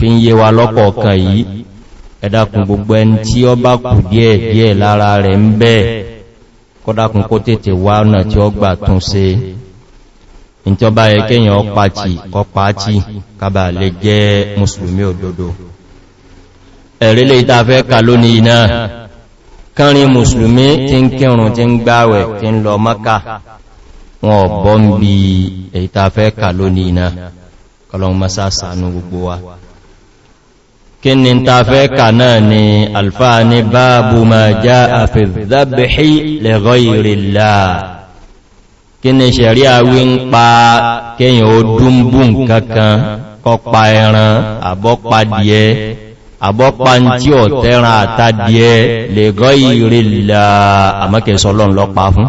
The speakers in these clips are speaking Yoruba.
fi ń yé wa lọ́kọ̀ọ̀kan yìí ẹ̀dàkùn gbogbo ẹni tí ọ bá kù díẹ̀ díẹ̀ lára rẹ̀ ń bẹ́ kọ́dàkùn kó tètè wá náà tí ó gbà tún se in tí ó bá yẹ kéyàn ọpàtì kọpàtì kàbà lè jẹ́ musulmi òdodo ẹ̀rílẹ̀ ìtafẹ́ kà lónìí náà kánrin musulmi tí ń kírùn tí ń gbáwẹ̀ tí ń lọ mọ́ká wọn ọ̀bọ́n bí ìtafẹ́ kà lónìí náà kọlọ̀ kí ni ta fẹ́ kà náà ni alfáà ní báàbù ma já àfìzábìhí lè gọ́ìrìlá kí ni ṣẹ̀rí àwí ń pa kíyàn ó dúnbù nkankan kọpa ẹran àbọ́pa díẹ̀ àbọ́pa ń tí ọ̀ tẹ́ran àta díẹ̀ lè gọ́ìrìlá àmọ́kẹsọ́lọ́n lọ́pa fún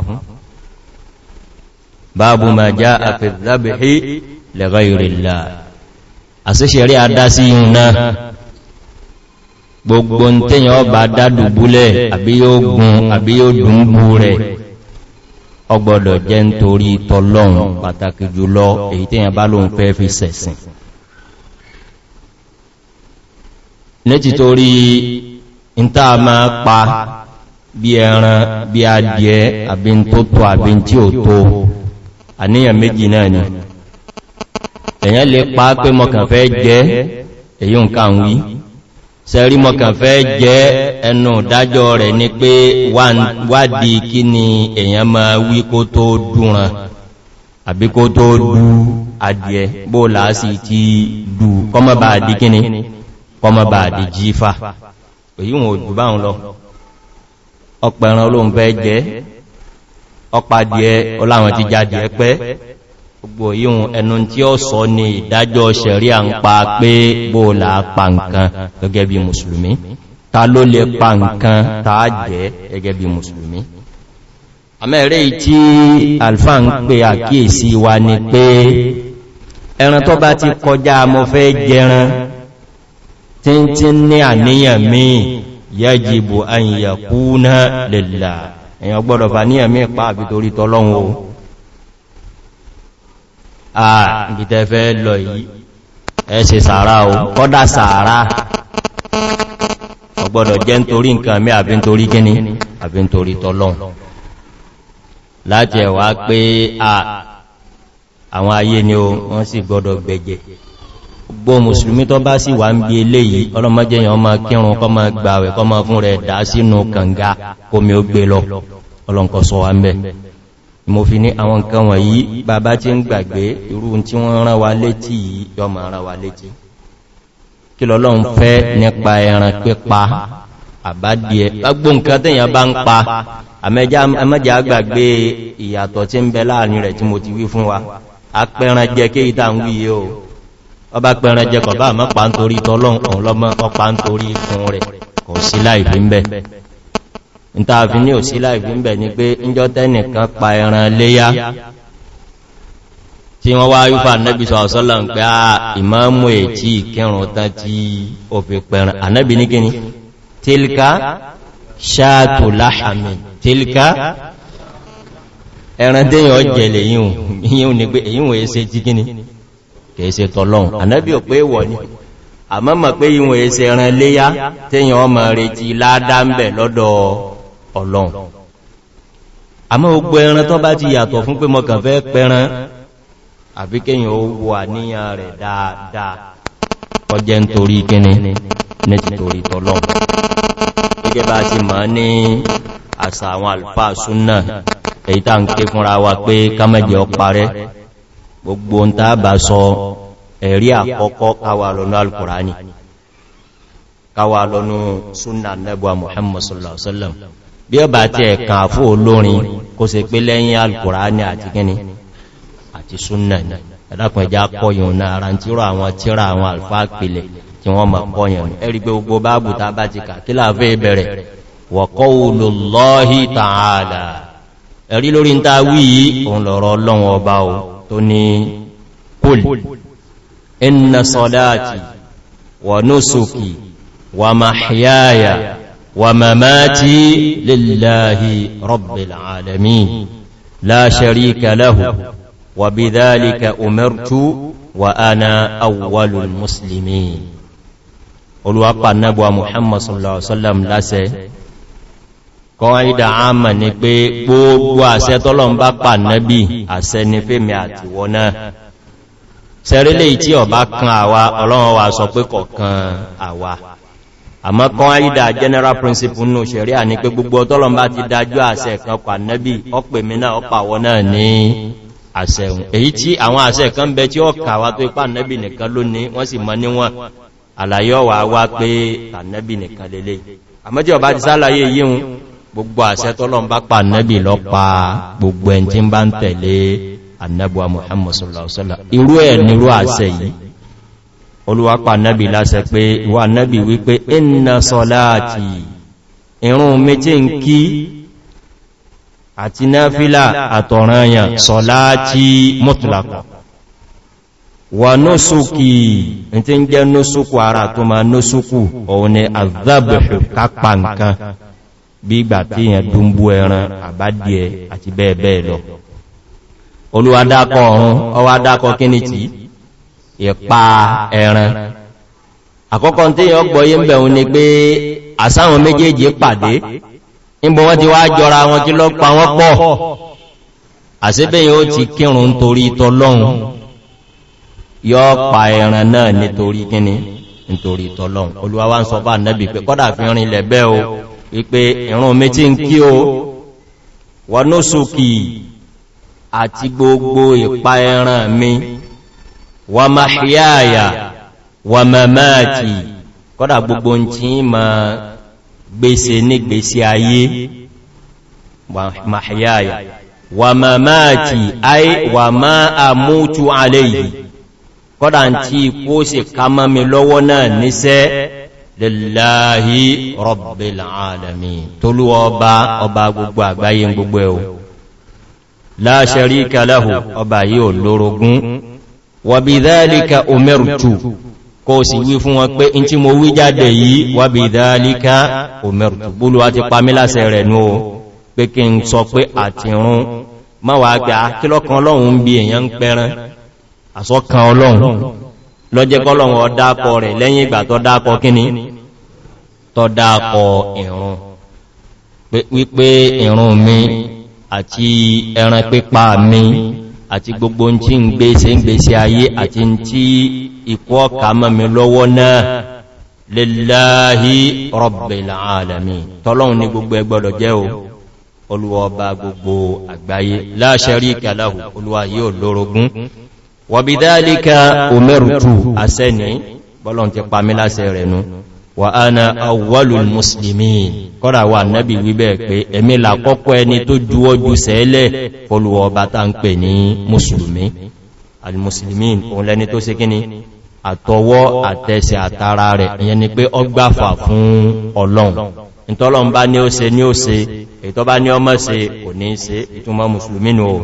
báàbù ma já gbogbo ń tẹ́yàn ọba dádùbúlẹ̀ àbí yóò gun àbí yóò dùnbù rẹ̀ ọgbọ̀dọ̀ jẹ́ nítorí tọ́lọ́run pàtàkì jùlọ èyí tẹ́yàn bá lóun fẹ́ fi sẹ̀sìn nítìtorí ìta ma pa bí ẹran bí adìẹ àbí tó tó àbí tí ò tó àníyàn méjì náà ni èyàn lè pa pé mọ̀kàn jẹ́ èyí nǹkan wí sẹ́rí mọ̀kàn fẹ́ jẹ́ ẹnu dájọ́ rẹ̀ ní pé wádìí kí ni èyàn ma wí kó tó dúnran àbí kó tó dú adìẹ bó láásì ti dú kọmọba àdí kí ni kọmọba àdí jífà èyí wọn òjò báhùn lọ ọpẹ̀ran olóhun fẹ́ jẹ́ ọpàdìẹ ọláwọn ti jáde ẹpẹ́ gbogbo yíhun ẹnu tí ó sọ ní ìdájọ́ ṣẹ̀rí à ń pa pé bóòlà pa nǹkan gẹ́gẹ́ bí musulmi ta ló lè pa nǹkan taa jẹ́ gẹ́gẹ́ bí musulmi amẹ́rẹ́ tí alfa ń pè àkíyèsí wa ni pé ẹran tó bá ti kọjá mọ́ fẹ́ jẹran tí ní àníyàn míì yẹ́jìbò àyìyàkú náà lè là èyàn gbọ́dọ̀ àgbìtẹ̀fẹ́ lọ yìí ẹ̀ṣẹ̀ sàárá o kọ́dá sàárá ọgbọ́dọ̀ jẹ́ nítorí nǹkan mẹ́ àbí nítorí gíní àbí nítorí tọ́lọ́n láti ẹ̀wà pé àwọn ayé ni o wọ́n sì gbọ́dọ̀ gbẹ̀jẹ̀ gbogbo mùsùlùmí tó bá sì wà ń bí eléyìí ọlọ́mọjẹ́yàn ọmọ kírun kọ́ ma gbàwẹ̀ kọ́ ma fún rẹ̀ dá sínú kànga kómi ó gbé lọ ọlọ́nkọ́ sọ wa mẹ́ mo fi ní àwọn nǹkan wọ̀nyí bàbá tí ń gbàgbé irú tí wọ́n rán wa létí yìí yọ ma rán wa létí kí lọ́lọ́run fẹ́ nípa ẹran pípa àbádìẹ gbogbo nǹkan tẹ́yàn bá ń pa àmẹ́jà gbàgbé ìyàtọ̀ tí ń bẹ láàrin rẹ̀ tí mo ti wí fún wa apẹran jẹ kí ìta ń wí o ọba pẹran jẹ kọ̀bá àmọ́ pa ń ìtààfi ní òsí láìfí ń bẹ̀ ní pé tẹ́nìkan pa ẹran léyá tí wọ́n wá yúfà nẹ́bí sọ àwọsọ́lọ̀ ń pé àà ìmáàmù èjì ìkẹrùn tán tí ó fi pẹ̀rẹ̀ ànẹ́bí ní gíní tílka ṣáàtò láhàmì ka àmọ́mọ̀ pé ẹran léyá rẹ̀ ti ládá ń bẹ̀ ọlọ́run àmọ́ ogbò ẹran tó bá ti yàtọ̀ fún pé mọ́kàn fẹ́ pẹran àbí kíyàn ó wà níyàn rẹ̀ dáadáa kọjẹ́ nítorí kíni nítorí tọ́lọ́run gẹ́gẹ́ bá ti mọ̀ ní àṣà àwọn alfa súnnà èyí tá ń ké fúnra wa pé kámẹ́jẹ́ ọparẹ́ gbogbo ń tàbà sọ ẹ̀rí àkọ́kọ́ káwà lọ́nà alkùránì káwà lọ́nà súnnà nẹ́gbà muhammadu sallallahu alaihi wasallam bí ọ bá ti ẹ̀kàn àfó olórin kó se pé lẹ́yìn alkùránì àti gíní àti súnnà ní ẹ̀dàkùn ẹja kọyùn náà ara tí rọ àwọn tíra àwọn alfa pìlẹ̀ tí wọ́n mọ̀ kọyùn ní ẹ̀rí pé gbogbo báàbù ta bá ti kà kí láàfẹ́ ìbẹ̀rẹ̀ ومماتي لله رب العالمين لا شريك له وبذلك أمرت وأنا أول المسلمين olùwápa náàbùwa muhammad sallallahu alaihi wasallam lásẹ̀ kan ìdá àmà ní pé gbogbo àṣẹ tọ́lọ̀n bá pà náàbì àṣẹ ní fèmì àti wọná sẹ́rílẹ̀ tí ọ̀bá kan àwa ọlọ́run wa sọ pé kọ̀kan àwa àmọ́ kan àìdà general principle nù ṣẹ̀rí à ní pé gbogbo ọtọ́lọ́n bá ti dájú àṣẹ kan pa nẹ́bí ọpẹ̀ mi náà ọpa wọ náà ní àṣẹ ohun èyí tí àwọn àṣẹ kan bẹ tí ó kàwà tó ipá nẹ́bí nìkan lónìí wọ́n sì mọ́ níwọ̀n àlàyé ọwà wá pé nẹ́bí nìkan lélẹ̀ àmọ́jẹ́ ọba ti sálàyé yíhun gbogbo àṣẹ tọ́lọ́n sallallahu alaihi wasallam irú ẹ̀ olúwápa nẹ́bì lásẹ pé wà nẹ́bì wípé iná sọláàtì irun méjì ń kí àti náfílà àtọ̀ranyàn sọláàtì mọ́tùlápọ̀ wà nósùkì tí ń jẹ́ nósùkù ara tó ma nósùkù òun ni àzábẹ̀ṣù kápa nǹkan bí ìgbà tí yẹn dúnbú ẹran àbádìẹ àti bẹ́ẹ̀ bẹ́ẹ̀ lọ olúwadákọ̀ ọ̀run ọwádákọ̀ kínìtì ìpa ẹran àkọ́kọ́ tí yọ gbọ́ yí ń bẹ̀rún ni pé àsáwọn méjèèjì pàdé níbo wọ́n ti wá jọra wọn kí lọ pa wọ́n pọ̀ àsíbẹ̀yìn ó ti kírun torí tọ́lọ́run yọ pa ẹran náà nítorí kíni nítorí tọ́lọ́run olúwa wá ń sọ bá nẹ́bì pé kọ́dà fi rìn lẹ̀bẹ́ o wípé ìrún mi tí ń kí o wọnúsùkì àti gbogbo ìpa ẹran mi wa mahyaya wa mamati kọ́dà gbogbo tí ma gbèsè ní gbèsè ayé wa mahyaya wa mamati ay wa ma amutu alayhi kọ́dà tí kó sì kama mi lọ́wọ́ náà níṣẹ́ lillahi rabbil alamin tolu ọba ọba gbogbo àgbáyé gbogbo ẹ̀ la sharika ọba yìí ò wàbìdálíkà omertu kò sì wí fún wọn pé in tí mo wí jáde yìí wàbìdálíkà omertu búlù wá ti pamílásẹ̀ rẹ̀ ní o pé kí n sọ pé àtìrún ma wà gbà kílọ́kan ọlọ́run bí èyàn ń pẹran àsọ́kan ọlọ́run lọ́jẹ́ kọ́lọ́run mi àti ẹran pípa mi àti gbogbo ń tí ń gbé ṣe ń gbé sí ayé àti tí ikú ọkà mọ́mí lọ́wọ́ náà lillahi rabbil alamin tọ́lọ́un ní gbogbo ẹgbọ́dọ̀ jẹ́ o olúwọba gbogbo àgbáyé la sharika lahu olúwa yóò wa ana awwalul muslimin kọ́rà wà nabi wíbẹ̀ pé èmi là kọ́kọ́ ẹni tó juwọ́jú sẹ́lẹ̀ fọlùwọ̀ ọba tá ń pè ní musulmi al-muslimin òun lẹni tó ṣe kíni àtọwọ́ àtẹsẹ̀ àtara rẹ̀ ìyẹn ni pé ọgbàfà fún ọlọ́run ìtọ́lọ́n bá ní ó se ní ó se ètọ́ bá ní ọmọ se kò ní se ìtúnmọ́ musulmi nù o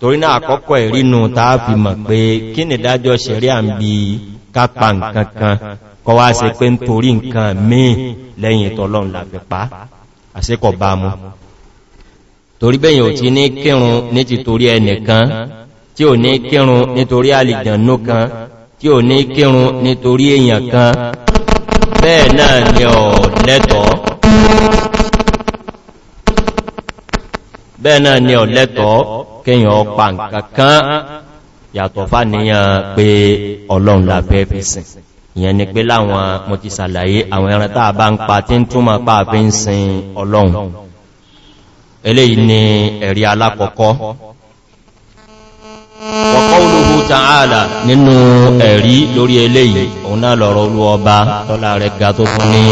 torí kápa nǹkankan kọ wá se pé ń torí nǹkan míì lẹ́yìn ìtọ́lọ́run làfi pa àsíkọ̀ bá mú torí bẹ́yìn ò ti ní kírun ní ti torí ẹnìkan tí ò ní kírun nítorí àlìjànú kan tí ò ní kírun nítorí èèyàn kan bẹ́ẹ̀ náà ni ọ̀ lẹ́tọ̀ọ́ bẹ́ẹ̀ náà ni ọ̀ lẹ́tọ̀ọ́ kíyàn ọpa nǹkan kan yàtọ̀ fà níyàn pé ọlọ́run làfẹ́ fi sìn ìyẹn ni pé láwọn mo ti sàlàyé àwọn ẹran tàà bá ń pa tí ń túnmọ̀ pàà fi ń sin ọlọ́run eléyìí ni ẹ̀rí alákọ̀ọ́kọ́ wọ̀kọ́wọ́lúhú tààlà nínú ẹ̀rí lórí eléyìí òun náà tó fún ní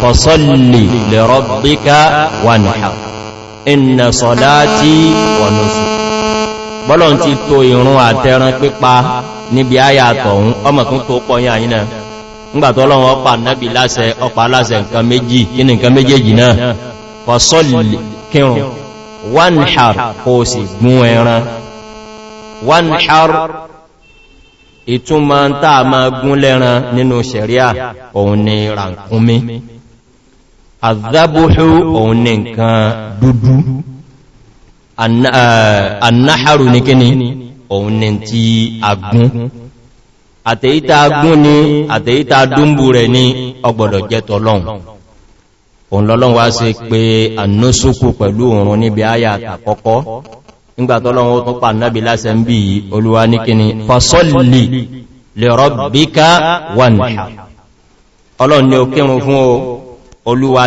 kọsọ́lì níbi ayà àtọ̀hún ọmọ tún tó pọ̀yìn àyínà ńgbàtọ́ ọlọ́run ọpa nábi láṣẹ ọpa láṣẹ nǹkan méjì kí ni nǹkan méjèèjì náà fọ́sọ́lì kírùn wánhàr kò sì gún ẹran wánhàr ìtúnmọ̀ tá a máa gún lẹ́ran nínú sẹ̀ríà òun ni ràǹkúnmí àzábóhú òun ni nǹkan dúdú annáhàrù ní kíni òun ni tí agún àtèyíta agún ni àtèyíta dúnbù rẹ̀ ní ọgbọ̀dọ̀ jẹ́ tọ́lọ́un òun lọ́lọ́un wá sí pé ànúsùkú pẹ̀lú òun níbi ayà àkọ́kọ́ nígbàtọ́lọ́un ó tún pa nábi lásẹ̀ ń bí i olúwa ní kíni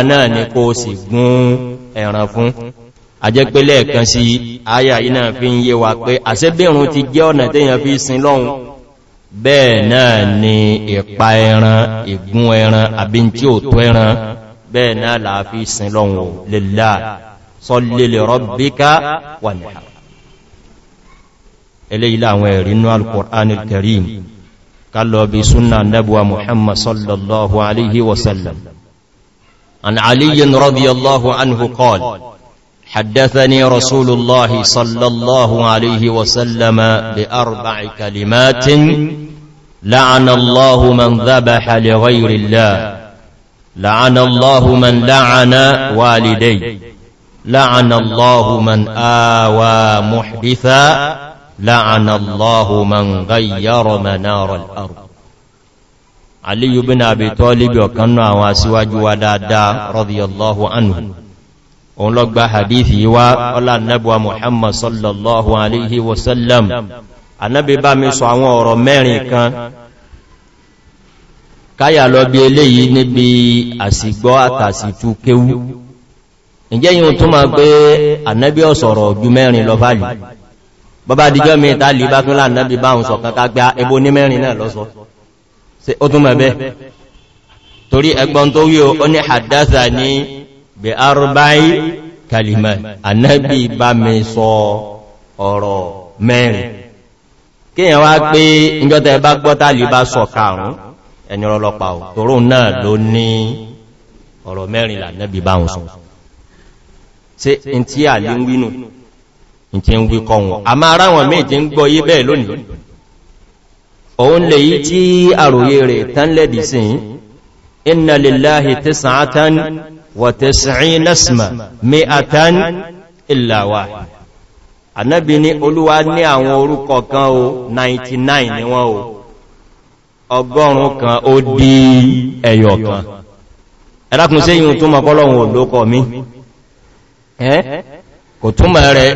náà ni kó sì gún ẹ̀ràn fún àjẹ́pẹ́lẹ̀ ẹ̀kan sí ayà iná fi ń yé wa pé àṣẹ́bẹ̀rún ti jẹ́ ọ̀nà tẹ́yàn fi sin lọ́hun bẹ́ẹ̀ náà ni ìpa ẹran ìgún ẹran àbí tí ó tó ẹran bẹ́ẹ̀ náà là fi sin lọ́hun lèlá sọlẹ̀lẹ̀ rọ́bíká wà ní eléyìí àwọn ẹ̀rí inú alkùnrin karim kálọ̀bí súnà حدثني رسول الله صلى الله عليه وسلم بأربع كلمات لعن الله من ذبح لغير الله لعن الله من لعن والدي لعن الله من آوى محدثا لعن الله من غير منار الأرض علي بن أبي طالب وكان واسواج ودادا رضي الله عنه òun lọ gba hadithi wá ọlá annabuwa muhammad sallallahu alaihi wasallam annabi bá mi sọ àwọn ọ̀rọ̀ mẹ́rin kan káyà lọ bí eléyìí níbi àsìgbọ́ àtàsìtú kéwú ìjẹ́ yíò tó máa pé annabi ọ̀sọ̀rọ̀ ju mẹ́rin lọ fàálì bọ́bá díjọ́ mi ìtàlì bá tún láàrín bá ń sọ kankan gba ẹbó ní mẹ́rin náà lọ́sọ ó tún mẹ́bẹ́ torí ẹgbọ́n tó wí o ní àdáta ní bí arúbáyí kalimẹ̀ anẹ́bí bá mi sọ ọ̀rọ̀ mẹ́rin kíyàn wá pé ìjọta ẹbá gbọ́ta lè bá sọ karùn-ún ẹni ọlọ́pàá tòrò náà ló ní ọ̀rọ̀ mẹ́rin lànẹ́bí bá ń sọ tí in tí à lè ń wínú in tí ń wíkọ wọn a máa ráwọn méjì ń gbọ́ yí bẹ́ẹ̀ lónìí òun lè yí tí àròyé rẹ̀ tán lẹ́dì sí inna lillahi tis'atan wọ̀tẹ̀sìnrin nẹ́sìmọ̀ mẹ́ àtàn ìlàwà anábi ní olúwa ní àwọn orúkọ kan o 99 ni wọ́n o ọgọ́rùn kan ó dí ẹ̀yọ̀ kan ẹ̀rákùn sí yíò túnmọ̀ kọ́lọ̀wọ̀n olókọ mi kò túnmọ̀ rẹ̀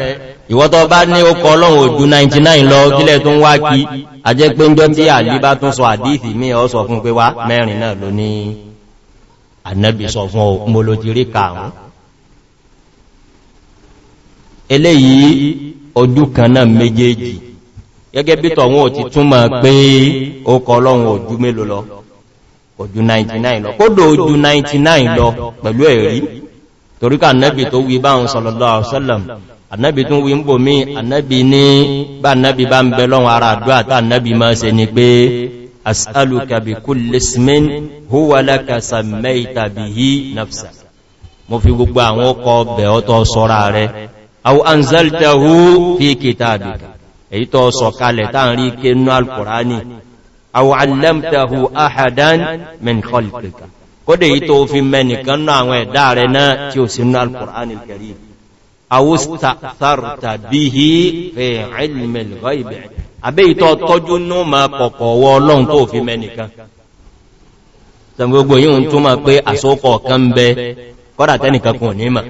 ìwọ́tọ̀ bá ní ókọ ọlọ́run òjú 99 lọ kílẹ̀ tó ń wá kí a pé ń jọ tí àlíbá tún sọ àdífì mí ọ sọ fún pé wá mẹ́rin náà lónìí annabi sọ fún ọ mọ́lójírí karùn-ún eléyìí ojú kan náà méjèèjì gẹ́gẹ́ bí tọ̀wọ́n ò ti túnmà pé ó kọ ọlọ́run ojú mélòó lọ ojú 99 lọ kódò ojú 99 lọ pẹ̀lú ẹ̀rí toríka annabi tó wí bá ń sọ̀lọ̀lọ́ tó wí bá ń bẹ as'aluka bi kulli ismin huwa laka sammayta bihi nafsa mo fi gbogbo àwọn ọkọ̀ bẹ̀ ọtọ́ sọ́ra rẹ̀ aw anzaltahu fi kitabika èyí tó sọ kalẹ̀ táà rí kénú alkùránì aw allamtahu ahadan min khalqika kódè yí tó fi mẹ́nìkan náà àwọn ẹ̀dá rẹ̀ náà tí ó sínú alkùránì karim aw ista'tharta bihi fi ilmi al àbẹ́ ìtọ́ tọ́jú ní ma kọ̀kọ̀ wọ ọlọ́run tó fi mẹ́nìkan sàgbogbo yíò tó ma pé àsókọ̀ kan bẹ kọ́dà tẹ́nìkan kùn ní ma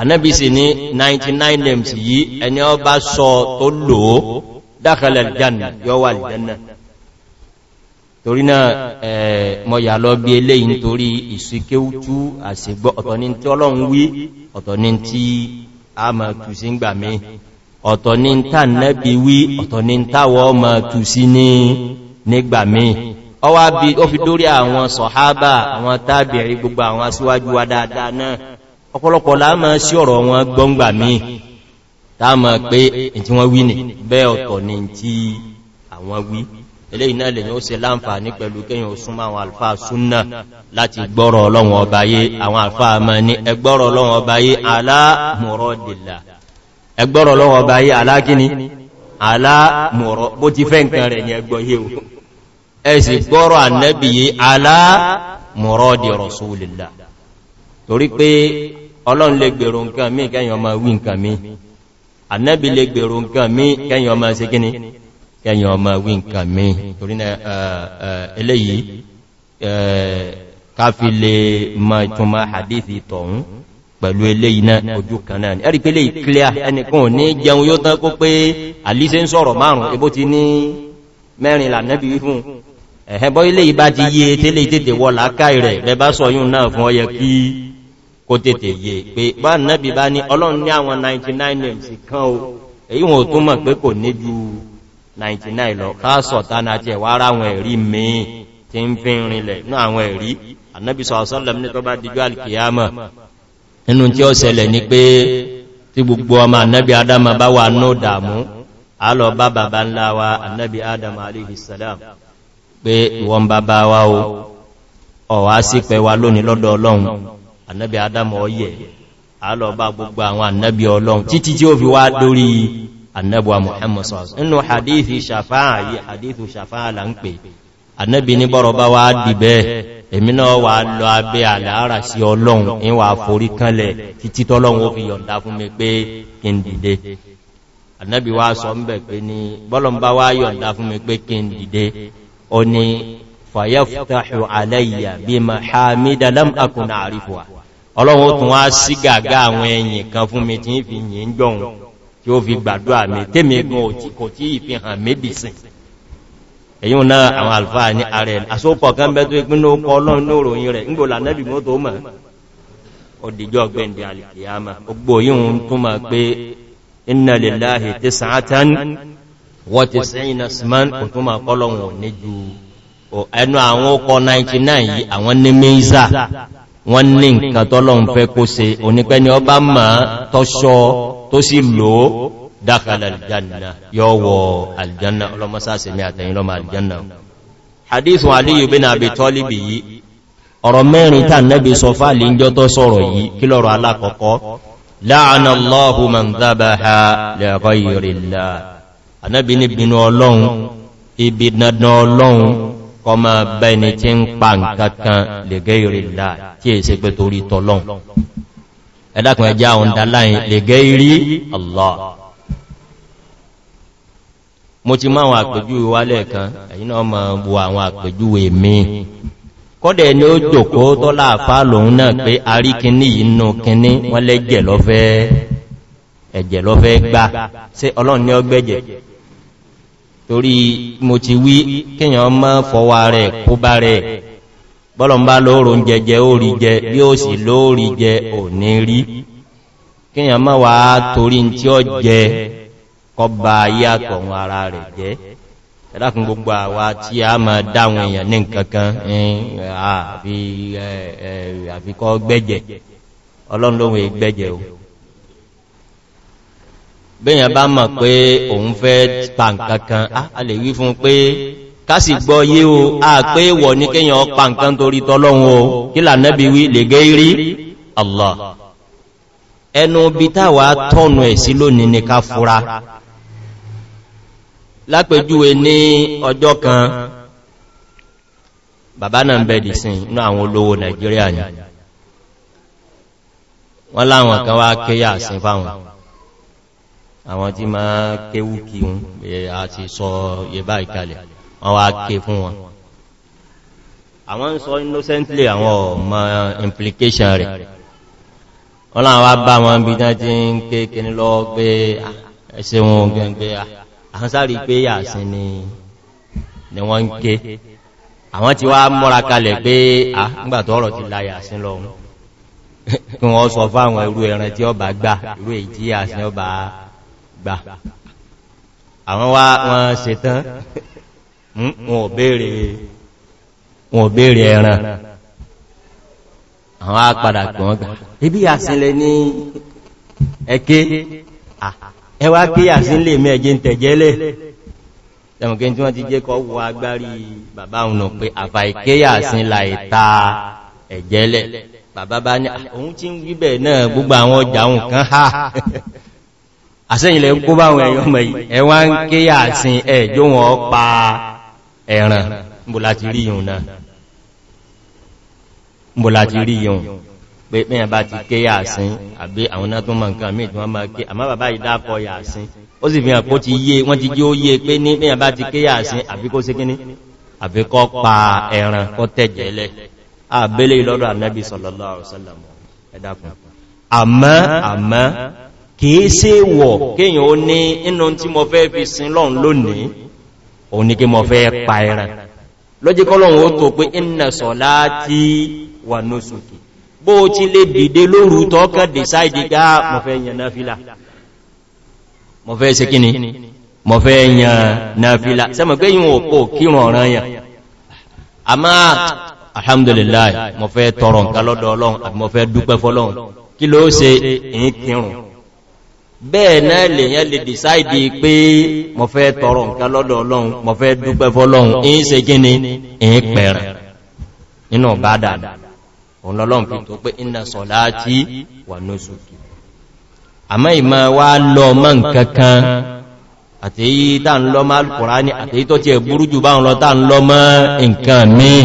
anábìsì ní 99 names yìí ẹni ọ bá sọ tó lò ó dákàlẹ̀ jànà yọ wà jànà torí náà mọ̀ yà lọ bí eléyìí nítorí ìsìkéútú àsìgbọ́ ọ̀tọ̀ ní tí ọlọ́run wí ọ̀tọ̀ ní tí a máa tù sí ń gbà mí ọ̀tọ̀ ní ta nẹ́bi wí ọ̀tọ̀ ní táwọ ọmọ tù sí ní nígbà míì ọwá bí ó fi dórí àwọn sọ̀hábà àwọn tábìrí gbogbo àwọn síwájú wa dáadáa náà ọ̀pọ̀lọpọ̀ láàmà sí ọ̀rọ̀ wọn gbọ́ngbà míì táàmà pé tí wọ́n wí nì bẹ́ ọ̀tọ̀ ní tí àwọn wí ilé iná lè ẹgbọ́rọ̀ lọ́wọ́ bá yí alákíní alámọ̀rọ̀ bó ti fẹ́ nǹkan rẹ̀ ní ẹgbọ́ yíò ẹ̀sì gbọ́rọ̀ annabi yí alámọ̀rọ̀ di rọ̀súlìlá torí pé ọlọ́run lè gbèrò nǹkan mí kẹyàn ọmọ wí nǹkan mí annabi lè gbèrò nǹkan mí kẹyàn ọmọ pẹ̀lú ilé iná ojú kan náà ni ẹ̀rí pé lè clear ẹnìkan ní jẹun yóò tán kó pé àlíṣẹ́ ń sọ̀rọ̀ márùn-ún ebó ti ní mẹ́rin lànẹ́bí fún ẹ̀hẹ́bọ́ ilé ìbá ti yí tẹ́lẹ̀ tètè wọ làákàí rẹ̀ rẹ bá sọ yún náà fún ọyẹ kí kó tètè yé pé bá nẹ́bí bá ní ọlọ́run ní àwọn 99 nínú tí ó ṣẹlẹ̀ ní pé tí gbogbo ọmọ annabi adama bá wà náà dàmú alọ bá bàbá ńlá wa annabi adama aleyhisselam pé ìwọ̀n bàbá wa o ọ̀wá sí pẹ wa lónìí lọ́dọ̀ ọlọ́run annabi adama ọyẹ̀ alọ bá gbogbo àwọn annabi ọlọ́run títí tí ó fi wá lórí annabi wa muhammad sallallahu annabi ní bọ́rọ̀ bá wá dìbẹ́ èmi náà wà lọ abẹ́ àlàárà sí ọlọ́run in wà forí kanlẹ̀ títí tọ́lọ́run ó fi yọ̀nda fún mi pé kí n dìde annabi wá sọ ń bẹ̀ pé ní bọ́lọ̀ bá wá yọ̀nda fún mi pé kí n dìde ó ní fàyẹ́fùtàhù lam akùnà àrífùwa ọlọ́run ó tún wá sí gàgá àwọn ẹ̀yìn kan fún mi tí ń fi èyí náà àwọn alfa ní ààrẹ àsópọ̀ kan bẹ́ tó ìpín ní ọkọ̀ ọlọ́run ní òròyìn rẹ̀ ńgbò lànẹ́bì mọ́ tó mọ̀ ọdíjọ́ gbẹ̀ndì alìkìyàmà ogbò yíò tó ma pé iná lèláhì tí sàátán wọ́n 99 yìí àwọn ní mẹ́ìzà wọ́n ní nǹkan tọ́lọ́run fẹ́ dákàlà aljanna yóò wọ aljanna ọlọ́mọ́sáàsì ní àtẹ̀yìn lọ́mọ aljanna hadithun aliyu bin abi talibi yìí ọ̀rọ̀ mẹ́rin tàn nẹ́bi sọ fàálì ń jọ tó sọ̀rọ̀ yìí kí lọ́rọ̀ alákọ̀ọ́kọ́ láàánà allahu man dábàá lẹ́rọ ìrìnlá anábi ní bínú ọlọ́run ibi dandan ọlọ́run kọ ma bẹni tí ń pa nkankan ẹ̀dàkùn ẹjá ọ̀ndà láyìn lẹ́gẹ́ ìrí allah mo ti máa àwọn àpèjúwe wá lẹ́ẹ̀kan ẹ̀yìn náà ma bu àwọn àpèjúwe mi kọ́dẹ̀ ni ó jòkó lòun náà pé a rí inú kíní wọ́n lẹ́jẹ̀ lọ́fẹ́ gbà sí ọlọ́run ní ọgbẹ́jẹ̀ torí mo ti wí kíyàn mọ́ fọwà rẹ̀ kó bá rẹ̀ bọ́lọ̀mbá lóòrùn jẹjẹ jẹ bí ó sì torí ọ kọ bá ayé àtọ̀run ara rẹ̀ jẹ́ ẹ̀dàkùn gbogbo àwà tí a ma dáwọn èèyàn ní nǹkankan àfikọ́ gbẹ́jẹ̀ ọlọ́nlọ́wọ̀ gbẹ́jẹ̀ o bẹ́yàn bá mọ̀ pé òun fẹ́ pa nǹkankan a lè wí fún pé kásì gbọ́ yé o a pé wọ̀ ní kíyàn pa nǹkan torí tọ́lọ́run o Allah ẹnu bí táwà tọ́nù ẹ̀ sí lónìí ní ká fura lápẹjúwe ní ọjọ́ kan bàbá náà bẹ̀dì sí inú àwọn olówó Nàìjíríà ni wọ́n láwọn kan wá kéyà sí fáwọn àwọn tí ma kéwú kí un a ti sọ yẹbá ìkalẹ̀ wọ́n wá ké fún wọn àwọn ń sọ innocently àwọn ọmọ implication rẹ̀ wọ́n láwọn wá bá wọn bí náà ti ń ké kí ní lọ pé ah, ẹsẹ̀ wọn gẹ́gbẹ́ àǹsáàrí pé yàsìn ni ni wọ́n ń ké àwọn tí wá mọ́ra kalẹ̀ pé à ńgbàtọ̀ ọ̀rọ̀ ti la yàsìn lọ kí wọ́n sọ fáwọn irú ẹran tí ọba gbà irú èjì yàsìn ọba gbà àwọn wá wọn ṣetán hmm, wọn ò béèrè ẹran àwọn á gbọ́n gbà ibi yàsìn lẹ ní ẹké ẹwà kíyà sí lè mẹ́jẹ tẹ̀jẹ́lẹ̀ ẹmùkẹ́ tí wọ́n ti jẹ́ kọ wọ agbárí bàbá ọ̀nà pé àfà ìkéyà sí láìta ẹ̀jẹ́lẹ̀ bàbá bá ní ohun tí ń wíbẹ̀ náà gbogbo àwọn ọjà ohun kan ha àṣẹ́yìnlẹ̀ kó báwọn ẹ̀yọ́ mọ̀ yìí ẹwà ń kéyà sí ẹjọ́ wọn pa ẹ̀ràn mbòlá ti rí yìí pé pé ẹ̀bá ti ké yàásín àbí àwọn náà tó mọ̀ nǹkan mí ìtùwọ́n máa ké àmá bàbá ìdápọ̀ yàásín ó sì fi hàn kó ti yé wọ́n ti jí ó yé pé ní ẹ̀bá ti ké yàásín àbí kó sí kíní àbí kọ́ pa ẹran kó tẹ̀jẹ̀lẹ̀ àbẹ́lẹ̀ lọ́dọ̀ annabi sallallahu alaihi wasallam ẹ dákun àmọ́ àmọ́ kìí ṣe wọ̀ kéèyàn ó ní inú tí mo fẹ́ salati wa nusuki bó o ti lè dìde lóru tọ́kàn dìsáìdì gá ah, mọ̀fẹ́ yẹn náfílà mọ̀fẹ́ ṣe kíni mọ̀fẹ́ yẹn náfílà sẹ́mọ̀ pé yíò kò kírùn ọ̀ràn yẹn a máa alhamdulillah mọ̀fẹ́ tọrọ nǹkan lọ́dọ̀ ọlọ́run àti mọ̀fẹ́ dúpẹ́ fọ́lọ́run kí ló ṣe èyí kírùn bẹ́ẹ̀ náà lè yẹn lè dìsáìdì pé mọ̀fẹ́ tọrọ nǹkan lọ́dọ̀ ọlọ́run ọlọ́lọ́n fi tó pé inna salati wa nusuki àmá ìmá wá lọ mọ́ nkankan àtèyí tá ń lọ máa Al-Qur'ani àtèyí tó ti ẹ̀búrú jù bá ń lọ tá ń lọ mọ́ nkan míì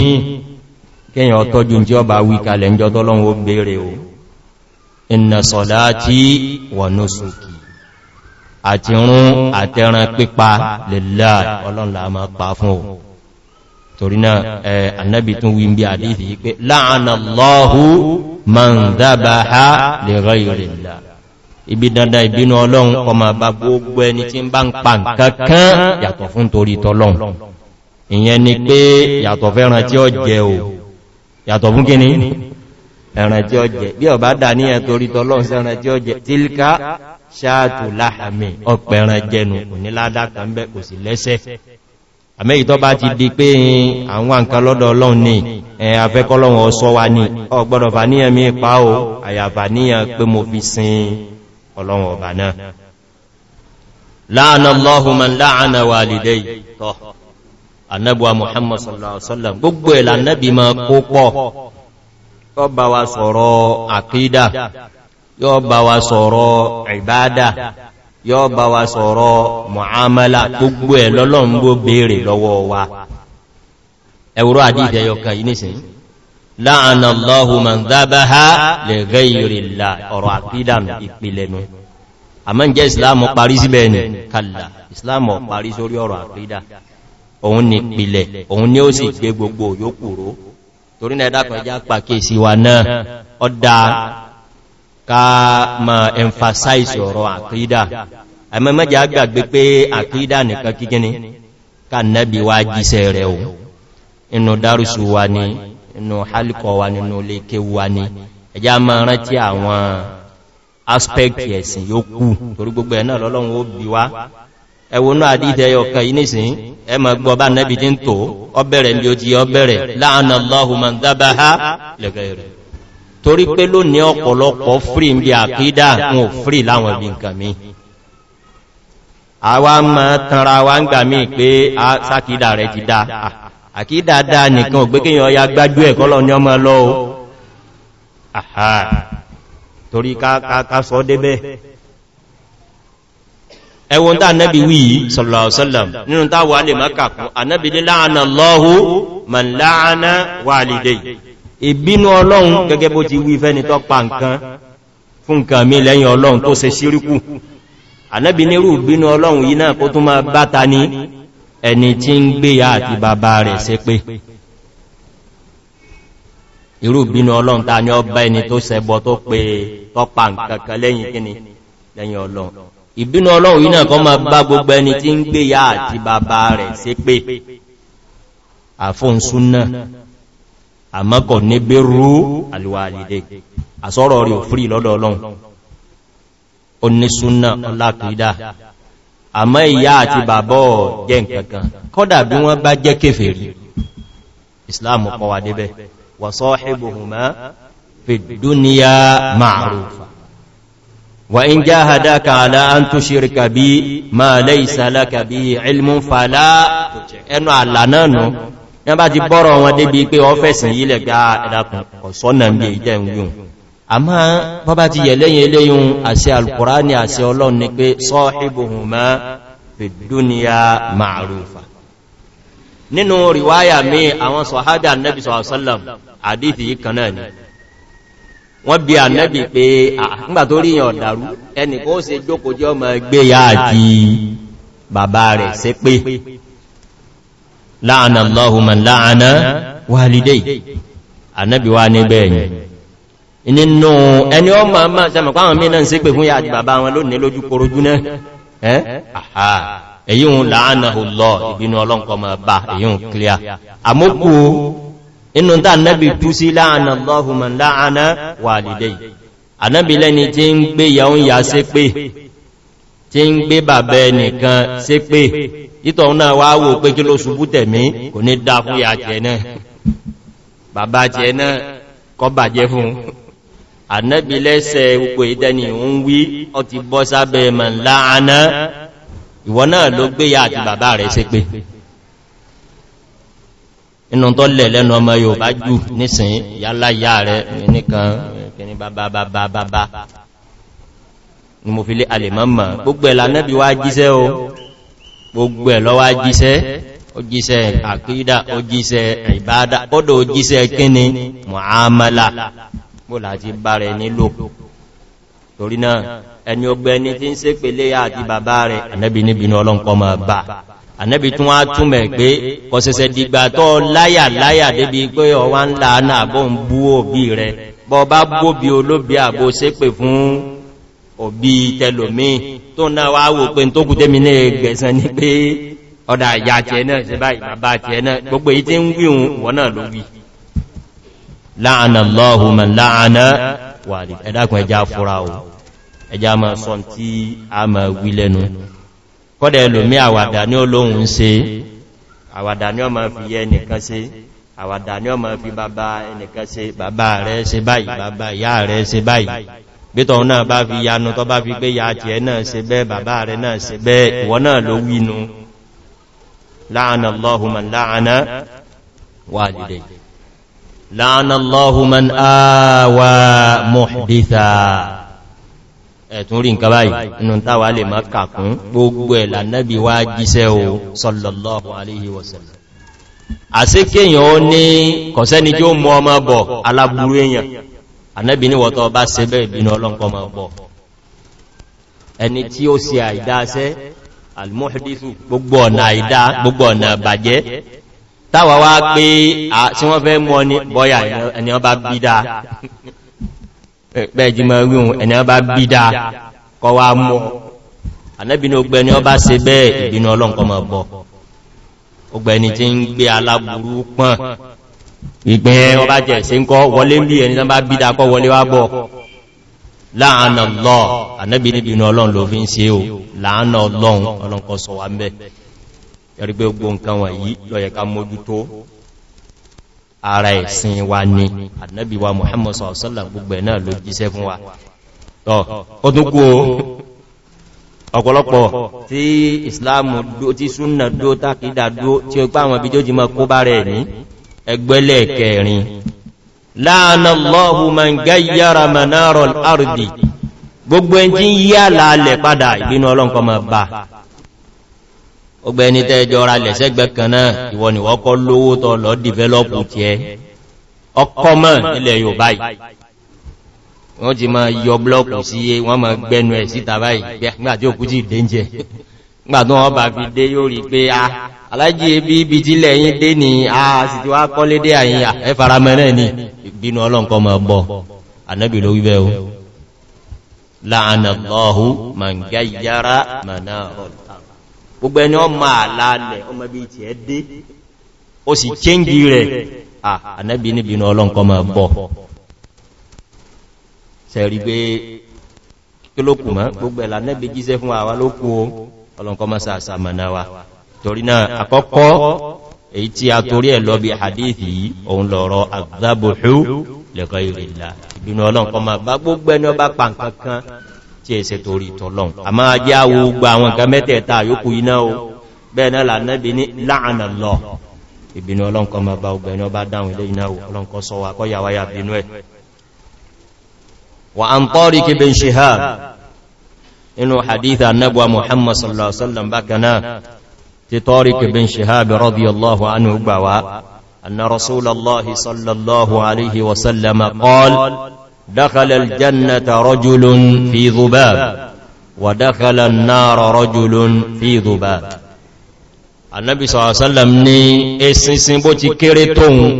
kíyàn ọtọ́jú tí ó bá wí kalẹ̀ ń jọtọ́ salati wa nusuki àti rún àtẹran pípa lillahi ọlọ́nà àmà torí náà annabi tún wí bí àdífì pé láàánàlọ́hù man dábàá lè rọ ìrìnlá ibi dada ìbínú ọlọ́run ọmọ bá gbogbo ẹni tí ń bá ń pa nǹkankan yàtọ̀ fún torí tọ́lọ́run ìyẹn ni pé yàtọ̀ fẹ́ràn tí ó jẹ o yàtọ̀ fún kíní ẹ̀ràn tí ó jẹ bí ọ̀bá dà ní ẹ̀ torí tọ́lọ́run sẹ́ràn tí ó jẹ tílká ṣáàtù láhàmì ọpẹ̀ràn jẹnu kò ní ládá kan bẹ́ kò sí lẹ́sẹ̀ àmẹ́ ìtọ́ bá ti di pé àwọn nǹkan lọ́dọ̀ ọlọ́run ní ẹ̀yìn afẹ́kọ́lọ́run ọ̀sọ́ wa ní ọgbọ́dọ̀ fàníyàn mi pa o àyàfàníyàn pé mo fi sin ọlọ́run ọ̀bà náà láàánà lọ́hùnmọ̀ láàánà wà lìdẹ́ ìtọ́ annabuwa muhammad sallallahu alaihi wasallam gbogbo ìlà annabi ma yọ bá wa sọ̀rọ̀ mọ̀ámálà gbogbo ẹ̀ lọ́lọ́run gbó béèrè lọ́wọ́ wa ẹwùrọ àdíjẹ yọka inísìn láàánà lọ́hù ma ń dábá ha lè gẹ́ ìrìnlá ọ̀rọ̀ àpídàmì ìpìlẹ̀nu àmọ́ jẹ́ ìsìláàmù parí síbẹ̀ ní kàlà ìsìláàmù parí sórí ọ̀rọ̀ àpídà òun ni ìpìlẹ̀ òun ká ma emphasize ọ̀rọ̀ àkídà àmọ́ mẹ́jẹ́ agbàgbé pé àkídà nìkan kíkíní ká nẹ́bí wá jíṣẹ́ rẹ̀ o inú dárùsù wa ni inú hálìkọ wa nínú ilé wa ni ẹjá ma rántí àwọn aspect ẹ̀sìn yóò kú torí gbogbo ẹ̀nà lọ́lọ́run ó bí wá ẹwọnú àdídẹ ọkàn inísìn ẹmọ gbọba nẹ́bí tí ń tó ọbẹ̀rẹ̀ ní ó ti ọbẹ̀rẹ̀ láàánà lọ́hùn mọ̀ dábáhá lẹ́gẹ̀ẹ́rẹ̀ torí pé lónìí ọ̀pọ̀lọpọ̀ frí ń bí àkídà wọn ò frí láwọn ibi nǹkan mi àwa ma tanra wa ń gbà mí pé a sákídà rẹ̀ ti dá àkídà dá nìkan ò gbékèyàn ya gbájú ẹ̀kọ́ lọ ní ọmọ lọ o àhà torí ká sọ débẹ̀ ẹwọ́n tá annabi wí sọ̀lọ̀sọ̀lọ̀m nínú táwà lè mọ́kàkùn ní láàánà lọ́hú man wà lè dèyí ìbínú ọlọ́run gẹ́gẹ́ bó ti wí fẹ́ni tó pa nǹkan fún nǹkan mi lẹ́yìn ọlọ́run tó ṣe síríkù ànábì nírú ìbínú ọlọ́run yìí náà kó tún máa báta ní ẹni tí ń gbéyà àti bàbá rẹ̀ sí pé ìbínú ọlọ́run ta ni ọ bá ẹni tó sẹbọ tó pé tọ́pa nǹkankan lẹ́yìn kíni náà kọ́ máa bá gbogbo ẹni tí ń gbéyà àti bàbá rẹ̀ sí pé àfóhùn àmọ́kọ̀ ní bí rú alìwàlìdè àsọ́rọ̀ rí ò frí lọ́dọ̀ ọlọ́run ó ní súnà ọlákìídá àmọ́ ìyá àti bàbọ́ jẹ́ nkankan kọ́dà bí wọ́n bá jẹ́ kéfèrí islam pọ̀ wà débẹ̀ wàsọ́ ẹgbòhùnmá fi dúníyà ma'arufa wa in já ẹnu àlànà nù yán bá ti bọ́rọ̀ wọn débi pé wọ́n fẹ̀sìn yí lẹ̀ gbá ẹ̀dàkùn ọ̀sọ́nà bí i jẹ́ ìyún àmá bọ́ bá ti yẹ̀ lẹ́yìn eléyìn àṣẹ alkùrá ní àṣẹ ọlọ́run ni pé sọ́ọ̀hìbòhùnmá fìdúnìyà ma'rufa nínú riwaya mi àwọn sọ̀hádà annabi sọ̀hásọ́lọ̀m àdífì yìí kan náà ni wọ́n ah, rẹ̀ sí láàánà lọ́hùmọ̀ láàánà wàlìdé ànábì wá ní bẹ́ẹ̀yìn nínú ẹni ọ ma máa sẹ́mọ̀ páwọn mí náà sí pé fún yàtì bàbá wọn lónìí lójú korojú náà èyí hun láàánà lọ ìbínú ọlọ́nkọ ma bá èyí hun clear àmókù inú tá ànábì tú sí láàánà lọ́hùmọ̀ láàánà wàlìdé ànábì lẹ́ni tí ń gbé yàún yà sí pé títọ̀ náà wá wò pé kí ló ṣubú tẹ̀mí kò ní dá ya tẹ̀ náà bàbá tẹ̀ náà kọ bàjẹ́ fún ànẹ́bì lẹ́sẹ̀ gbogbo ìdẹni ń wí ọ ti bọ́ sábẹ̀ mọ̀ láàánà ìwọ náà ló gbé ya àti bàbá rẹ̀ sí pé inú tó lẹ̀ lẹ́nu ọmọ yóò bá jù nísìn yálá ya rẹ̀ nìkan kìnní bàbá bàbá bàbá ni mo fi lé alè mọ́mọ̀ gbogbo ẹ̀lá nẹ́bì wá jíṣẹ́ o gbogbo ẹ̀ lọ́wọ́ jíṣẹ́ ojíṣẹ́ àkídà ojíṣẹ́ ìbádà kódò ojíṣẹ́ kíni mọ̀hámàlá bó láti bá rẹ̀ nílò torí náà ẹni ọgbẹ́ni tí ń sépele àti bàbá rẹ̀ ànẹ́bì níbinú ọlọ́nkọ́ ma bá ànẹ́bì tún wá túnmẹ̀ pé kọsẹsẹ dìgbà tọ́ láyà láyà débi òbí tẹlòmí tó náà wá wò pé tó kù tẹ́mi náà gbẹ̀sán ní pé ọ̀dà ìyá tẹ́ náà sí báyìí bàbá tẹ́ náà gbogbo èyí tí ń wíhun wọ́n náà ló wí láàánà lọ́hùnmọ̀ láàánà wà rí ẹ̀dàkùn ẹja fúra o ẹja ma sọ tí a ma wí lẹ́nu kọ́dẹ̀ ẹlòmí àwàdà ní olóhun ń se àwàdà ọmọ fi bàbá ẹnìkan se bàbá rẹ̀ se báyìí bàbá ìyá rẹ̀ se báyìí bítọ̀ náà bá fi yanu tó bá fi pé ya ti ẹ náà ṣe bẹ́ bàbá rẹ̀ náà ṣe bẹ́ ìwọ náà ló wínú láàánà lọ́hùmán láàánà wàlìdẹ̀ láàánà lọ́hùmán àwà mọ̀díta ẹ̀tún rí nǹkan báyìí inú táwà lè má kàkún gbogbo ẹ̀là nẹ́bí wá jíṣẹ́ o sallallahu alaihi wasallam ó ní kọ̀sẹ́ni jó mú ọmọ bọ̀ aláburú èèyàn ànábì ní wọ́tọ̀ bá ṣe bẹ́ ìbínú ọlọ́nkọ́ ma bọ̀ ẹni tí ó ṣe àìdáṣẹ́ almuhdisu gbogbo ọ̀nà àìdá gbogbo ọ̀nà bàjẹ́ táwà wá pé tí wọ́n fẹ́ mọ́ ní bọ́yà ẹni ọba bídá pẹ́jìmọ̀ ríun ẹni ọba bídá kọ wá mọ́ ànábì ní ogbẹni ọba ṣe bẹ́ ìbínú ọlọ́nkọ́ ma bọ̀ ìgbẹ́ ọba jẹ́ ṣe ń kọ́ wọlé ń bí ẹni tán bá bídá kọ́ wọlé wá bọ̀ láàánà lọ ànábì níbi inú ọlọ́run ló fi ń ṣe o láàánà ọlọ́run ọlọ́nkọ́ sọ wá mẹ́ ẹ̀rí pé gbogbo nǹkan wọ̀nyí lọ́yẹ ká mójútó ara muhammad sọ̀sọ́là gbogbo ẹ̀ náà ló jíṣẹ́ fún wa tọ́ ó o ọ̀pọ̀lọpọ̀ tí islamu tí súnnà dó tákídà dó tí ó pá àwọn ibi tó jí mọ́ kó bá rẹ̀ ní ẹgbẹ́lẹ̀ kẹrin láàánà lọ́hù ma ń gáyára manarol ardi gbogbo ẹn tí ń yí àlàálẹ̀ padà ìbínú ọlọ́nkọ́ ma bá ọgbẹ̀ni tẹ́jọ ra lẹ̀sẹ́gbẹ̀ kan náà ìwọ ni wọ́n kọ́ lówó tọ́ lọ dìvẹ́lọ́pù tí ẹ ọkọ́ mọ̀ nílẹ̀ yóò báyìí wọ́n ti ma yọ blọ́ọ̀kù sí wọ́n ma gbẹnu ẹ̀ síta báyìí gbàtí òkú ti dé ń jẹ gbàtí wọ́n bá fi dé yóò rí pé a ah, alájí ebi ibi tí lẹ́yìn dé ní ààsì tí wá kọ́lé dé àyíyà ẹ fara mẹ́rẹ́ ní ìbínú ọlọ́nkọ́ mọ̀ bọ̀ anábì ló wíbẹ̀ o láàánàlọ́hù màǹgáyára màná gbogbo ẹni ọ máa láàlẹ̀ ọmọ bí ti ẹ dé ó sì kéǹgì rẹ̀ anábì níbínú ọlọ́nkọ́ mọ̀ sàásà mọ̀ náà wa torí náà àkọ́kọ́ èyí tí a torí ẹ̀ lọ bí hadithi òun lọ̀rọ̀ àgbàbòhú lẹ́kọ́ ìrìnlá ìbínú ọlọ́n kan ma bá gbogbo ẹni ọba pàǹkankan tí è ṣe torí tọ́lọ́n a máa jẹ́ awo gba àwọn nǹkan mẹ́tẹ̀ẹ̀ta yóò iná o bẹ́ẹ̀ náà lànẹ́bí ní láàánà lọ ìbínú ọlọ́n kan ma bá gbogbo ẹni ọba dáhùn hadith annabuwa muhammad sallallahu alaihi wasallam bákanáà ti tọ́ríkì bin ṣihábi radiyallahu anhu gbawa anna rasulallahi sallallahu alaihi wasallam qal dakhala aljannata rajulun fi dhubab wa dakhala an-nara rajulun fi dhubab annabi sallam ní esinsin bó ti kéré tóhun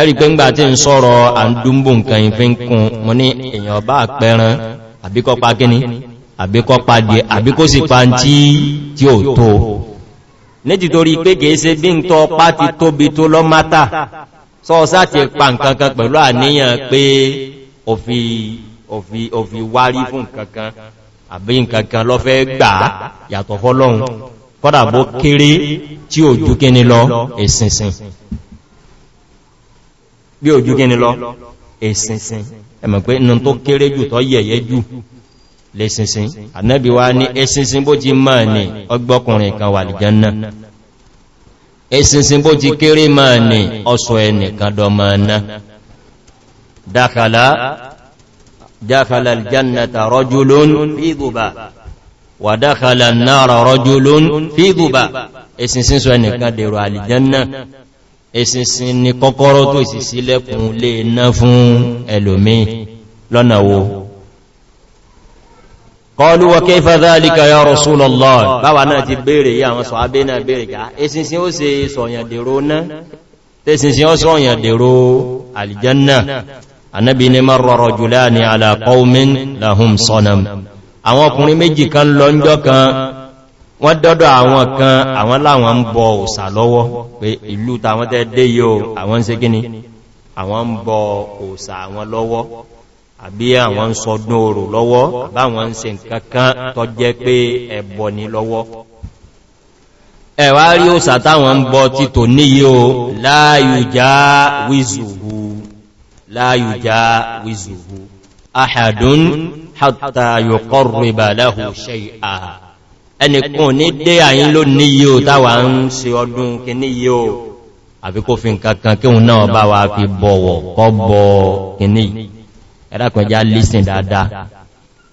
ẹ̀rí pé ngbà tí ń sọ̀rọ̀ àdúgbò nǹkan ìfin kún mo ní èèyàn bá pẹran àbíkọ́pa kíní àbíkọ́pa díẹ̀ àbíkó sì pa tí ó tó nítorí pé gẹ̀ẹ́sẹ́ bí n tọ́ pá ti tóbi tó lọ mátà sọ́ọ̀sá ti pa nkankan pẹ̀lú àníyàn pé òfi wárí fún nkankan àbí nkankan lọ fẹ́ gbà yàtọ̀ fọ́lọ́run kọ́dà bó kéré tí ojú kíni lọ èsìnsìn bí ojú kíni lọ èsìnsìn ẹ̀mọ̀ pé inú tó kéré jù tọ́ yẹ̀yẹ́ jù lẹ́ṣinṣin ànábì wá ní ẹṣinṣin bó ti máa ní ọgbọ́kùnrin kan wà lìjánná ẹṣinṣin bó ti kéré máa ní ọsọ ẹnìkan dọmọ ẹ̀nà dákàlà aljannata rọjúlón fígùbà wà dákàlà náà rọjúlón fígùbà ẹṣinṣin sọ ẹnìkan dèrò àlìjánná ẹṣinṣin ni kọ́kọ́rọ́ tó ìsìsílẹ̀kùn lè ná fún ẹlòmí lọ́nà wo kọlu wa kayfa dhalika ya Rasulullah báwa náà ti bèèrè yí àwọn sọ̀hábé náà bèèrè gá esinsin ó se sọ̀yàn dèrò náà tẹ́sinsin ó sọ̀yàn dèrò aljanna anábi ni marra rajulani ala qawmin lahum sanam àwọn ọkùnrin méjì kan lọ ńjọ́ kan wọ́n dọ́dọ̀ àwọn kan àwọn láwọn ń bọ òsà lọ́wọ́ pé ìlú tàwọn tẹ́ dé yóò àwọn ń ṣe gíní àwọn ń bọ òsà àwọn lọ́wọ́ àbí àwọn ń sọdún oòrò lọ́wọ́ àbáwọn ń se nkankan tó jẹ́ pé ẹbọ ni lọ́wọ́ ẹ̀wà rí ó sàtàwọn ń bọ tí tò níyí o láàyùjá wízùhù láàyùjá wízùhù ahàdún hàtà yùkọrùbà láhù ṣe à ẹnìkan kí níyí náà bá wa fi bọ̀wọ̀ kọ́ bọ̀ kìíní ẹ̀dàkọjá lísìn dáadáa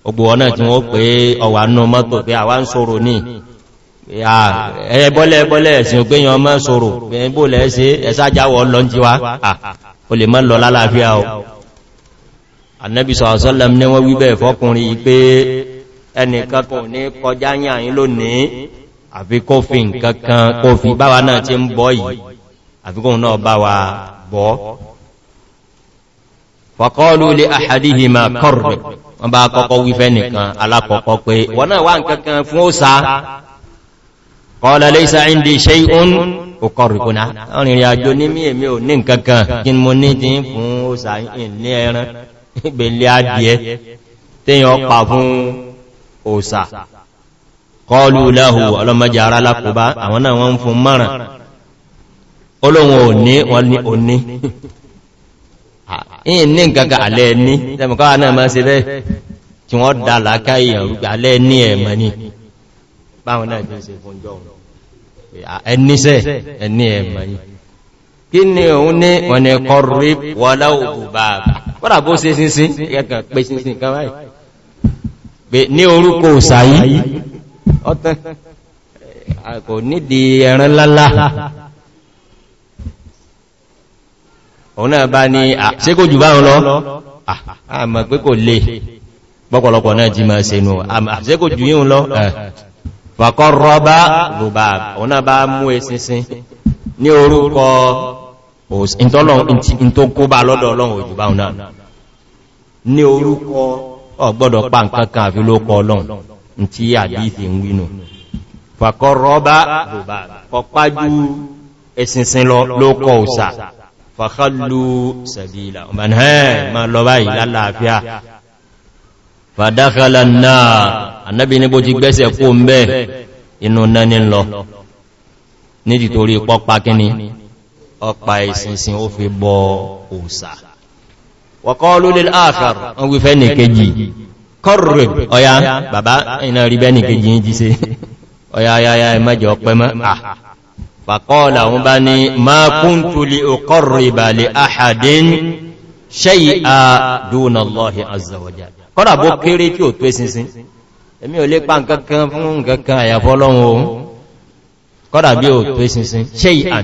ogbò ọ̀nà tí wọ́n pé ọwà nù mọ́tò pé àwá ń sọ̀rọ̀ ní ẹ̀ẹ́bọ́lẹ̀ bọ́lẹ̀ ẹ̀sìn pé yàn mọ́ sọ̀rọ̀ ẹ̀bọ́lẹ̀ ẹ̀sẹ́ ẹ̀sájáwọ̀ lọ́njíwá o lè mọ́ lọ lálàáfíà o annabi sọ̀rọ̀sọ́lẹ̀m ní wọ́n wíbẹ̀ fọ́kùnrin pé ẹnìkan kò ní kọjá yàn lónìí àfi kófin kankan náà ti ń bọ́ fàkọ́lù lè àhàdìhì ma kọ́rù wọn bá kọ́kọ́ wífẹ́ nìkan alákọ̀ọ́kọ́ pé wọ́n náà wá ń kankan fún ó sáá kọ́lá lẹ́sà ìndì ṣe ìhún òkọrù kúnná ọ̀rìnrìn àjò ní mí èmí ò ní nkankan kí mo ní ti fún ó sáá ní in ní gaga alẹ́ ní tẹ́mọ̀kọ́ náà máa ṣe bẹ́ tí wọ́n dá làákàí ẹ̀rùgbà alẹ́ ní ẹ̀mọ̀ ní báwọn náà jẹ́ ṣe fún jọ ẹnisẹ́ ẹni ẹ̀mọ̀ ní kí ni òun ní ọ̀nà kọrù wọlá òkú bàbá ọ̀nà bá ní ṣe kò jù bá ń lọ àmà pé kò lè pọ́pọ̀lọpọ̀ náà jí máa ṣe nù ṣe kò jù yíò lọ fàkọ́ rọ́bá rọ̀bá ọ̀nà bá mú ẹsinsin ní orúkọ ìntókóbá lọ́dọ̀ ọlọ́run òjù bá náà ní orúkọ ọgbọ́dọ̀ pa nǹkan kan àfi ló fàkọ́ rọ́bá rọ̀bá kọpájú lọ ló òsà fàkàlù sẹ̀bílà ọmọ̀nà ma lọ báyìí lálàáfíà fàdákàlà náà annabi ní bó ti gbẹ́sẹ̀ kó ń bẹ́ inú náni lọ nídi torí pọ́pá kíní ọpa ìsinsin ó fi bọ òsà wọ́kọ́lú lè áàkàr wọ́n wífẹ́ ní kejì kọ́rùn ọya bàbá ìnà rí bẹ́ ní kejì yìí jí se ọya ayaya ẹmẹ́jọ pẹ́mọ́ ah fàkọ́ọ̀lá wọn bá ní máa kún tulí ọkọ̀rọ̀ ìbàlẹ̀ àhàdín ṣe ìhà dúnà lọ́hì azọ̀wọ̀já kọ́nà bó kéré kí ò tó ẹsinsin èmi ò lè pa nkankan fún nkankan àyàfọ́ lọ́wọ́ ohun kọ́nà bí ò tó ẹsinsin ṣe ìhà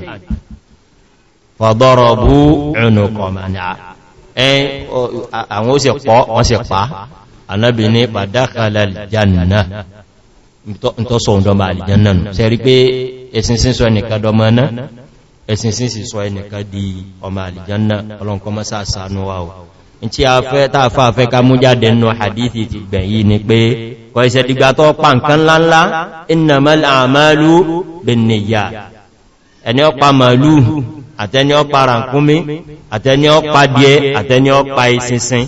ẹ̀sìnsìn sọ ẹnìkan dọmọ náà ẹ̀sìnsìn sì sọ ẹnìkan di ọmọ àlìjánná ọlọ́nkọmọ́ sàásánú wa o in tí a fẹ́ tààfà fẹ́ ká mú jáde nù hadithi ti gbẹ̀yí ni pé kọ iṣẹ́ dìgbà tó pa nǹkan ńláńlá innamal a'malu binniyya ẹni ọpa màálù àtẹni ọpa ràǹkúnmí àtẹni ọpa díẹ̀ àtẹni ọpa ìsinsin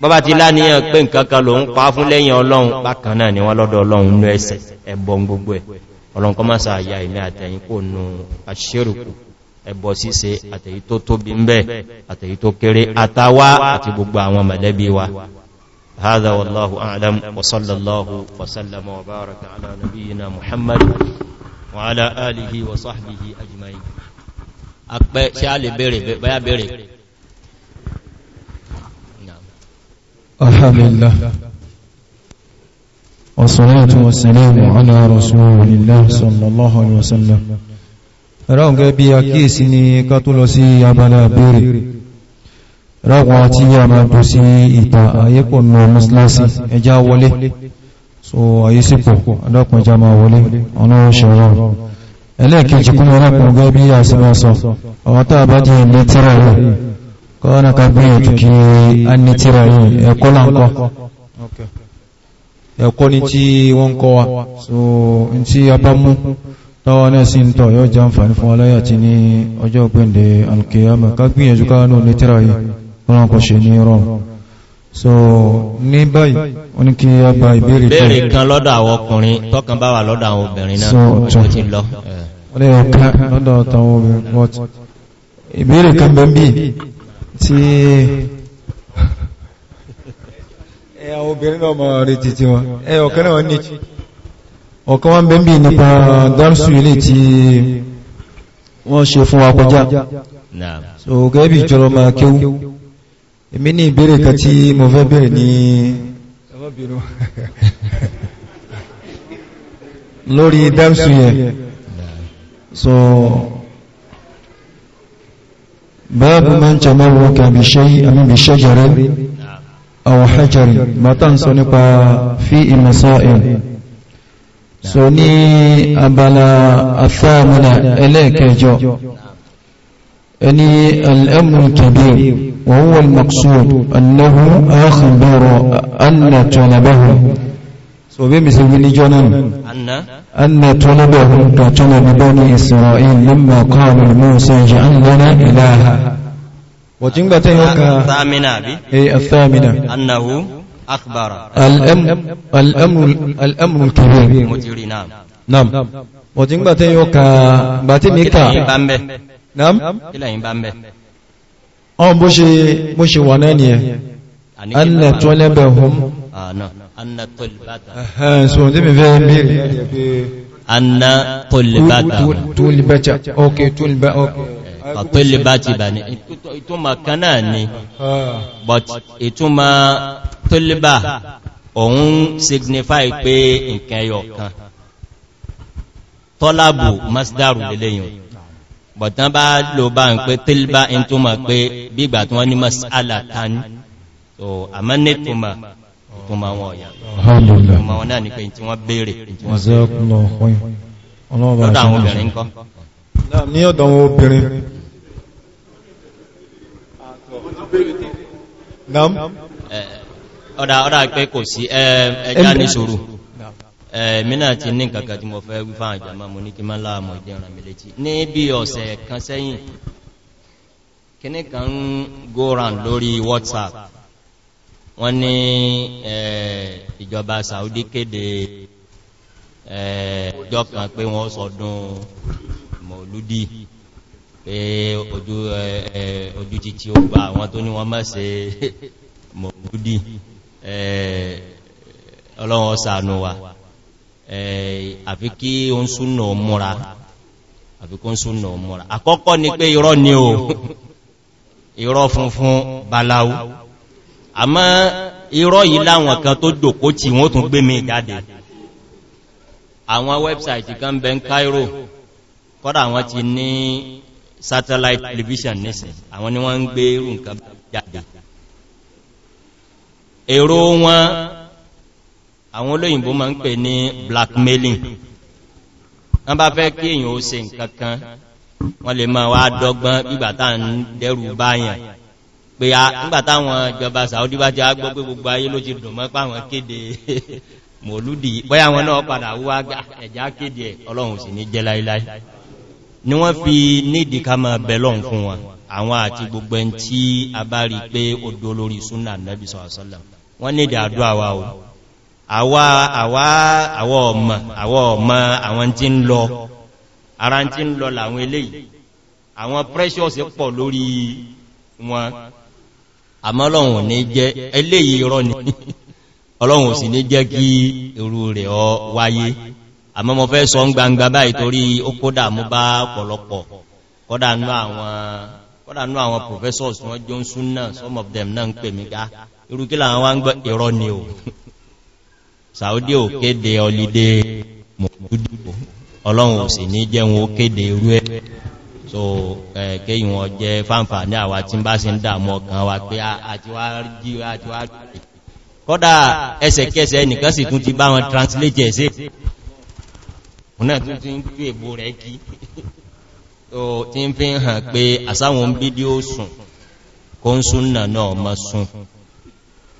bọ́bá ti láníyàn pé nǹkan kan lòun pa fún lẹ́yìn ọlọ́run bákan ni wọ́n lọ́dọ̀ ọlọ́run nú ẹsẹ̀ ẹ̀bọ̀n gbogbo ẹ̀ ọlọ́nkọ́ máa sàáyà ìmẹ́ àtẹ̀yìn kò nù àṣírùkù ẹbọ̀ síse àtẹ̀yí tó tóbi ń bẹ́ àtẹ̀yí tó kéré àtàwà àti gbogbo àwọn mẹ̀lẹ́bí wa هذا والله أعلم وصلى الله وسلم وبارك على نبينا محمد وعلى آله وصحبه أجمعين أقبأ شعالي الحمد لله والصلاة والسلام على رسول الله صلى الله عليه وسلم ráhùn gẹ́ bí àkíyèsí ni ká tó lọ sí abala béèrè ráhùn àti yà máa tó sí ìta àyẹ́pọ̀ nù mọ́sílásí ẹjá wọlé so àyé sípò adákùn ẹjá máa wọlé ọ̀nà ṣẹ̀rọ ẹlẹ́ẹ̀kejì kún ráhùn gẹ́ bí àṣíwáṣọ àwọn tàà bá jẹ́ ilé tíra rẹ̀ kọ́ ẹ̀kọ́ ni tí wọ́n kọ́ wa so n tí a bá mú tọ́wọ́ náà sí ń tọ̀ yóò jẹ́ àǹfààní fún aláyà tí ní ọjọ́ ọ̀gbẹ̀ndẹ̀ alkiyama ká gbìyànjú ká náà ní tíra yìí wọ́n kọ̀ ṣe ní rọrùn so ní báyìí wọ́n ní kí a bá ìbéèrè tó àwọn obìnrin náà mọ̀ retí tí wọn ẹ ọ̀kan náà ní ọ̀kan wọn bẹ́ ń bí nípa dárṣù ilé tí wọ́n ṣe fún wa kọjá so gẹ́gẹ́ bí ìjọrọ máa kéwú èmi ní ìbéèrè kan tí mo fẹ́ bèèrè ní lórí dárṣù yẹn so báàbù man tamarraka bí ṣe àmì bí ṣe jẹ́rẹ́ àwọn hajjari bàtà ń sọ nípa fi ìmọ̀sọ́ìn so ní abala afẹ́mọ́lá ẹlẹ́ẹ̀kẹjọ ẹni al'amur kabir wa huwa al-maqsud annahu akhbara anna talabahu so bí misali ní jonan anna talabahu ka talabi bani isra'il lamma qala وجنبة الثامنة اي الثامنة أنه أخبر الأمر, الأمر, الأمر الكبير مجري نعم نعم وجنبة يوكا باتي ميكا نعم إلهين بامبه أم بوشي بوشي ونانية أن طلبهم أن طلبتهم سوى دي مفهم بيري أن طلبتهم طلبتهم أوكي طلبتهم àpẹẹlẹ bá ti bà ní ìtúnmà kan náà ni but ìtúnmà pẹ̀lẹ̀ bá òun signify pé nǹkan ẹyọ kan tọ́lábù masdaru lélẹ́yìn bọ̀tán bá lò bá ń pé tílbá in tó ma pé bígbà tí wọ́n ní mas alatan so a mọ́ ní tó ma tó ọ̀yà tó ma wọ́n náà ní ọ̀dá eh, ọ̀dá pé kò sí ẹjá ní ṣòro mínà ti ní kankan tí mo fẹ́ wífà àjàmà mo ní kí má láàmọ̀ ìdẹ́ràn mi létí ní bí ọ̀sẹ̀ kan sẹ́yìn kíní kan ń go round lórí whatsapp wọ́n ní eh, ìjọba saudi kéde ìjọ eh, kan pé wọ́n sọdún mọ̀lúdí pé ojú títí ó gba àwọn tó ní wọ́n má se mọ̀gúdí ọlọ́run ọ̀sànú wa àfi kí o ń súnà múra àfi kí o ń súnà múra àkọ́kọ́ ni pé irọ́ ni o irọ́ funfun baláwú àmọ́ irọ́ yìí láwọn kan tó dòkó tí wọ́n tún gbé mi jáde àwọn wẹ́bsáìtì kan bẹ ń Cairo kọ́dà wọ́n ti ní satellite television nìsìn àwọn ni wọ́n ń gbé irú nǹkan jáde èrò wọn àwọn olóyìnbó ma ń pè ní blackmailing wọ́n bá fẹ́ kí èyàn ó ṣe nǹkan kan wọ́n lè máa wá dọ́gbọ́n bígbàtà ń dẹ́rù báyàn pé a nígbàtà wọn ìjọba Saudi bá jẹ́ agbọ́ pé gbogbo ayé ló ti dùn mọ́ páwọn kéde mọ̀lúdì bọ́yá wọn náà padà wú ah, ẹ̀já kéde ọlọ́run sì ní jẹ́ láíláí ni wọ́n fi nídìí ká máa bẹ̀lọ́n fún wọn àwọn àti gbogbo ẹn tí a bá rí pé ó dó lórí súnà nẹ́bí sọ̀rọ̀sọ́lá wọ́n nídìí àdúwà wa o àwọ ọmọ àwọn tí ń lọ ara tí ń lọ làwọn eléyìí àwọn precious pọ̀ lórí wọn àmọ́lọ́wọ̀n ní jẹ́ eléyìí rọ́ ni ọlọ́wọ̀n sì ní jẹ́ kí irú rẹ̀ ọ wáyé àmọ́ mo fẹ́ sọ ń gbangba báyìí torí ó kódà mú bá pọ̀lọpọ̀ kódà àwọn professors wọ́n jọ ń sún náà some of them náà ń pè mí gá irúkí láwọn wá ń gbọ́ ìrọ́ ni ò Saudi o kéde ọlídé mọ̀lúdìbò ọlọ́run ò sì ní jẹun ó kéde irú ẹ̀ so kéyìn wọn jẹ fáǹfà ní àwà tí bá sí ń dàmú ọkàn wa pé àti wá rí àti wá rí ẹsẹ̀kẹsẹ̀ nìkan sì tún ti bá wọn translate ẹ̀sẹ̀ náà tún ti ń tú èbò rẹ̀ kí tí ń fi hàn pé àsáwọn bídíò sùn kó ń sún náà náà ma sùn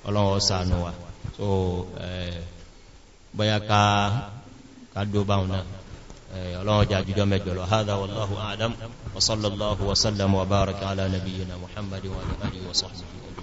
ọlọ́wọ́ sànú wa so bọ́yá ká dóbá wọn náà ọlọ́wọ́ jà jùjọ mẹ́jọ lọ hádá wallahu adam wa baraka ala nabiyyina muhammadin wa alihi